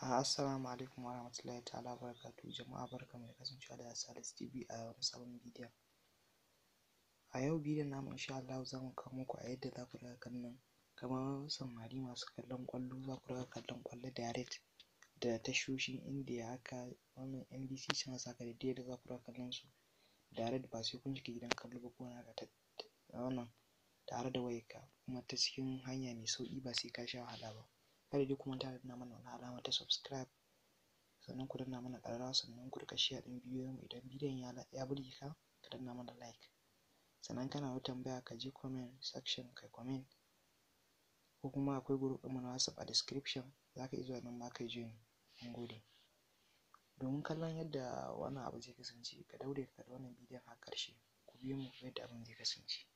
Ah, assalamu alaikum warahmatullahi ta'ala barakatu jama'a barkamu da kasancewa da Salis TV a wani sabon bidiyon. A yau bidiyon namu insha Allah za mu kawo muku a yadda za ku riƙa kallon kamar samari masu kallon kwallo za ku riƙa kallon ƙwallo direct da tashoshin Indiya haka wannan NBC suna saka da yadda za ku riƙa kallon su direct ba sai kun shiga gidan kallo ba ko wani haka wannan tare da wayarka kuma ta cikin hanya mai sauƙi ba sai ka sha wahala ba. kada dai ku manta da mana wannan alama ta subscribe sannan ku danna mana ƙararrawa sannan ku rika share ɗin bidiyon mu idan bidiyon ya burge ka ka danna mana like sannan kana da tambaya ka je comment section kai comment ko kuma akwai group ɗin mu na WhatsApp a description za ka iya zuwa nan ma ka join mun gode domin kallon yadda wannan abu zai kasance ka daure ka kalli wannan bidiyon har ƙarshe ku biyo mu yadda abin zai kasance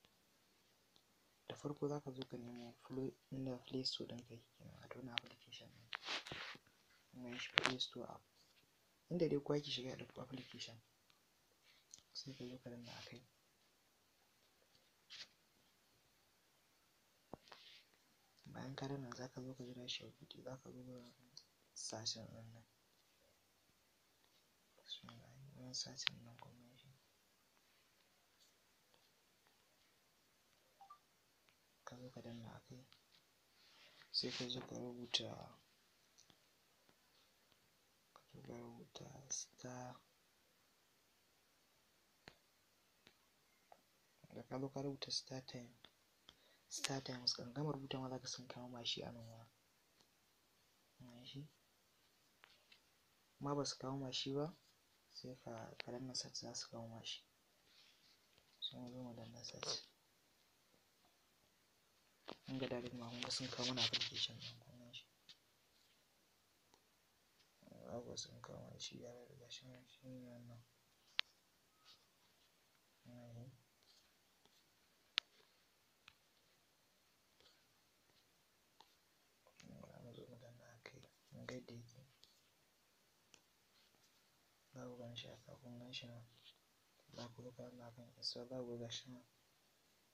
da farko za ka zo ka nemo inda play store ɗin kai wato na application ɗin kuma shi play store app inda dai kowa yake shiga ya ɗauko application sai ka zo ka danna akai bayan ka danna za ka zo ka jira shi ya buɗe za ka zo wurin sashen ɗin nan wurin sashen nan kuma shi ka zo ka danna akai. kai sai ka zo ka rubuta ka zo ka rubuta star da ka zo ka rubuta star time star times kan gama rubuta ma zaka san kawo mashi a nan mashi ma ba su kawo mashi ba sai ka ka danna za su kawo mashi sun zo mu danna search an ga direct ma kuma sun kawo mana shi ɗin kun shi abuwa sun kawo shi yana da gashi nan shi ne wannan yadda yake za ku gan shi a kafin gan shi nan za ku ruka na kan isa za ku ga shi nan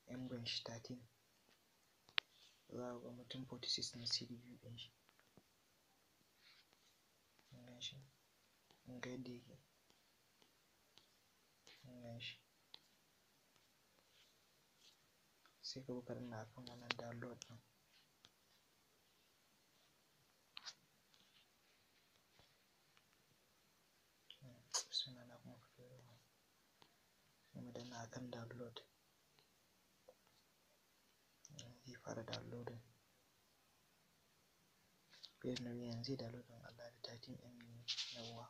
embryon shi 13 za ga mutum 46 na cdv ɗin shi shi ga yadda yake shi sai ka bukar na kan wannan download ɗin suna na kuma fito sai mu danna akan download zai fara downloading page na biyan zai downloading Allah da 13 MB yawa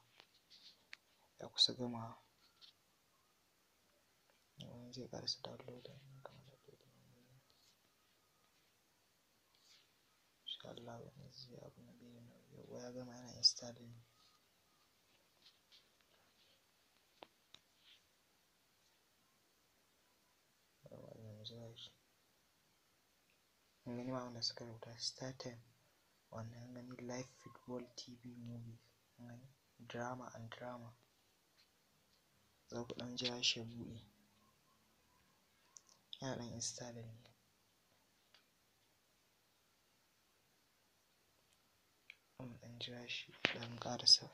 ya kusa gama yawan zai karasa downloading kamar da ke da insha Allah wani zai abu na biyu yawa ya gama yana installing gani ma wanda suka rubuta startime wannan gani live football tv movie gani drama and drama za ku ɗan jira shi buɗe yana ɗan ɗan jira shi ɗan ƙarasa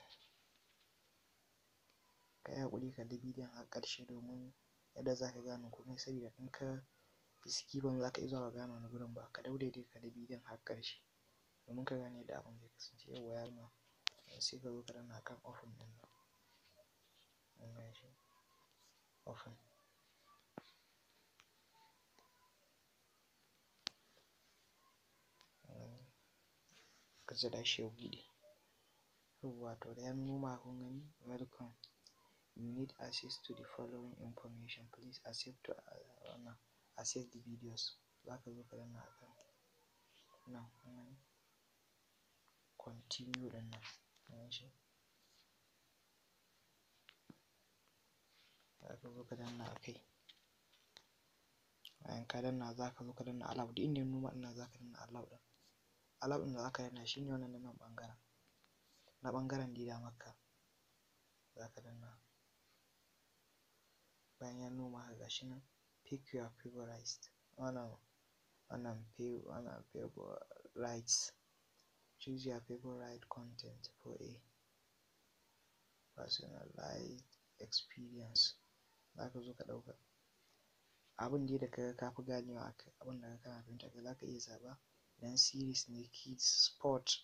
ka haƙuri ka bidiyon har ƙarshe domin yadda za ka gane komai saboda in ka biski ba za ka iya zuwa ka gane wani gurin ba ka daure dai ka da bidiyon har ƙarshe domin ka gane yadda abin zai kasance yawwa ya ma sai ka zo ka danna kan ofin ɗin nan an gane ofin ka jira shi ya buɗe yawwa to da ya noma kun gani welcome you need access to the following information please accept to uh, a save the videos za ka zo ka danna a kan nan kuma continue ɗin nan ganin shi za ka zo ka danna a kai bayan ka danna za ka zo ka danna allow duk inda ya noma ɗin za ka danna allow ɗin allow ɗin da za ka danna shi ne wannan na nan ɓangaren na ɓangaren dida ka za ka danna bayan ya noma haka ga shi nan Pick your PQR favorized unavailable rights. Choose your favorite content for a personalized experience. Za ka zo ka ɗauka abin dai da kaga ka fi ganewa abin da kana fahimta kai za ka iya zaɓa idan series ne kids sport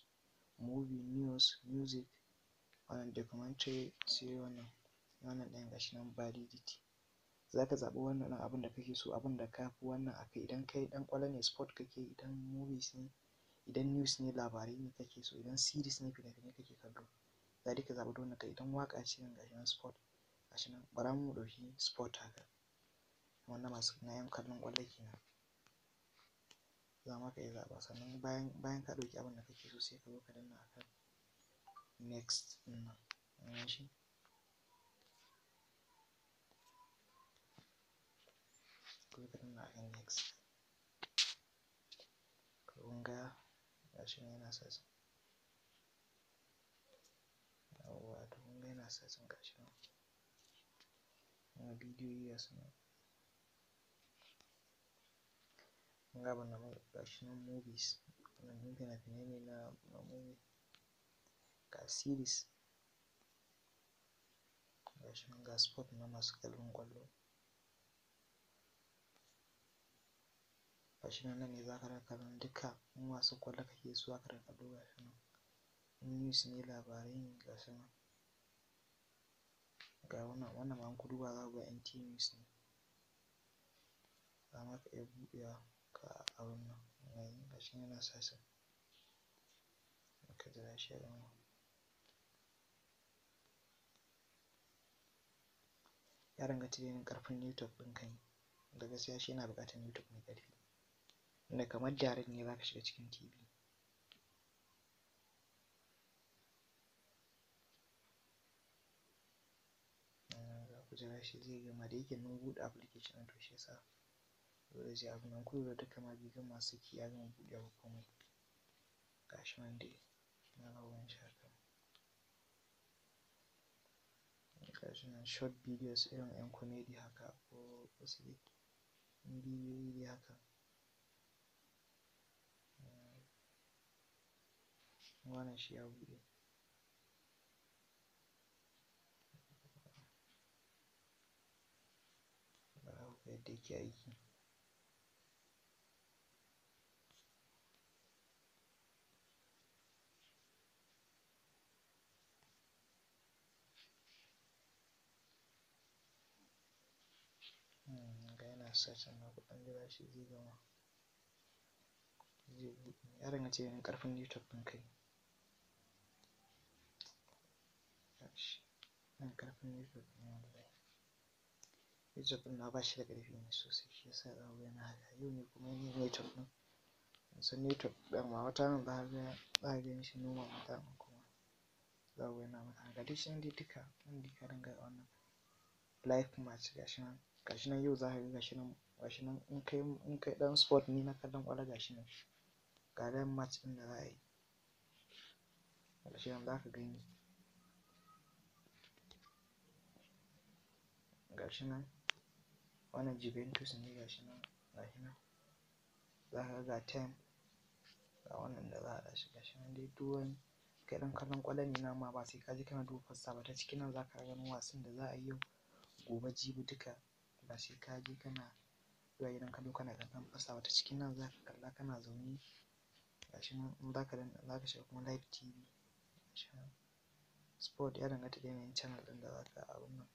movie news music wannan documentary sai wannan wannan ɗayan gashi nan validity za ka zaɓi wannan abin da kake so abin da ka fi wannan a kai idan kai ɗan ƙwallo ne sport kake idan movies ne idan news ne labarai ne kake so idan series ne fina-finai kake kallo za ka zaɓi ka ka idan waƙa ce nan gashi nan sport gashi nan bara mu ɗauki sport haka wannan masu na yan kallon ƙwallo kenan za ma ka iya zaɓa sannan bayan bayan ka ɗauki abun da kake so sai ka zo ka danna akan next ɗin nan shi gubernatorial next kunga gashi yana sassan yawwa to kunga yana sassan gashi nan kuma bidiyoyi ga su nan movies wannan ɗin fina-finai na na movie ga series gashi nan ga na masu kallon gashi nan ne za ka raka kallon duka in wasu kwallo kake so za ka raka kallo ga nan in news ne labarai ne ga nan ga wannan wannan ma in ku duba za ku ga NT news ne za ma ka iya buɗewa ka abin nan yayin ga shi yana sasa ka jira shi ya gama ya danganci da yanayin ƙarfin network ɗin kai da gaskiya shi yana buƙatar network mai ƙarfi inda kamar direct ne za ka shiga cikin TV eh, za ku jira shi zai gama da yake mun buɗe application to shi yasa dole sai abin nan kullum duka ma bai masu saki ya gama buɗe ba komai ga shi nan dai na rawan shaka ga shi nan short videos irin 'yan comedy haka ko wasu bidiyoyi haka wannan shi ya buɗe bara ku ga yadda yake aiki hmm, ga yana sacin na kuɗin gida shi zai gama zai buɗe ya danganci da ƙarfin network ɗin kai shi nan ƙarfin youtube ne wallahi youtube na ba shi da ƙarfi ne sosai shi yasa za ku yana haka yau ne kuma yin youtube ɗin san youtube ɗin ma wata nan za ga za ga shi kuma za ku yana mata shi dai duka nan dai ka dinga wannan live match gashi nan gashi nan yau za gashi nan gashi nan in kai in kai sport ni na kallon ƙwallo gashi nan ga live match ɗin da za a yi gashi nan za ka gani gashi nan wannan Juventus ne gashi nan gashi nan za ka ga ten ga wannan da za a ɗashi gashi nan dai duk wani kai ɗan kallon ƙwallo ne nama ba sai ka je kana duba fassa ba ta cikin nan za ka gano wasan da za a yi yau gobe jibi duka ba sai ka je kana zuwa gidan kallo kana kallon fassa ba ta cikin nan za ka kalla kana zaune gashi nan in za ka za ka shiga kuma live tv gashi nan sport ya danganta da yanayin channel ɗin da za ka abin nan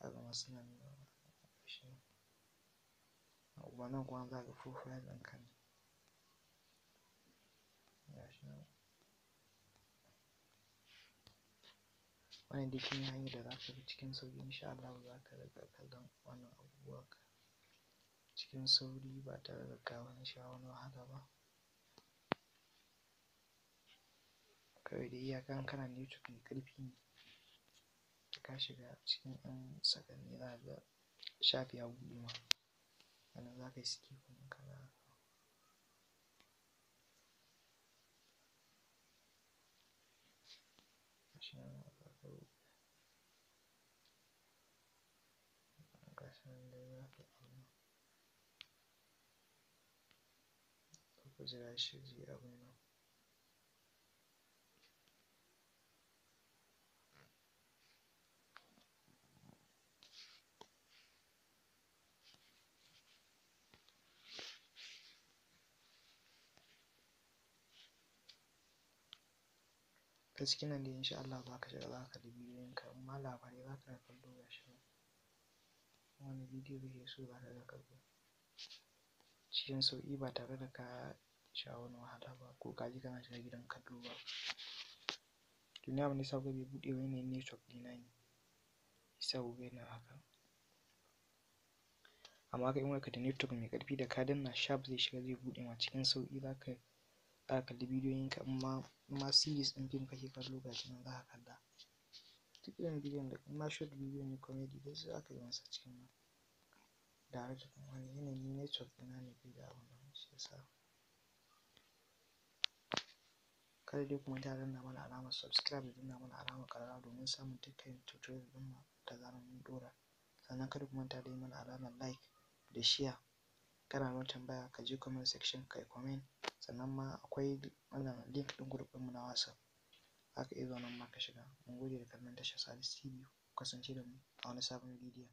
kaga ma shi ne hanyar da za ka bi cikin sauƙi insha Allahu za ka riƙa kallon wannan abubuwa cikin sauri ba tare da ka wani sha wani wahala ba kawai dai iyaka in kana da YouTube mai ƙarfi ne ka shiga cikin ɗan sakanni za ka ga shafi ya buɗe ma sannan za ka yi skipping ɗin kaza ku jira shi zai abin nan ta cikin insha Allah za ka shiga za ka da bidiyon ka amma labarai za ka kallo ga shi wani bidiyo kake so za ka kallo cikin sauƙi ba tare da ka sha wani wahala ba ko ka ji kana shiga gidan kallo ba tuni abin da ya sa bai buɗe ba yanayin network ɗina ne yasa gobe yana haka amma kai in wayarka da network mai ƙarfi da ka danna sharp zai shiga zai buɗe ma cikin sauƙi za ka zaka kalli bidiyoyin ka ma ma series ɗin fim kake kallo gashi nan zaka kalla duk irin bidiyon da ma short bidiyo ne comedy duk za ka yi masa cikin nan direct wani yanayin network ɗina ne bai da wannan shi yasa kada dai kuma ta danna mana alamar subscribe da danna mana alamar ƙararrawa domin samun dukkan tutorial ɗin mu da zarar mun ɗora sannan kada kuma ta danna mana alamar like da share kana ma tambaya ka je comment section ka yi comment sannan ma akwai wannan link ɗin group ɗinmu na WhatsApp za ka iya zuwa nan ma ka shiga mun gode da kallon tashar Salisu TV kasance da mu a wani sabon bidiyon.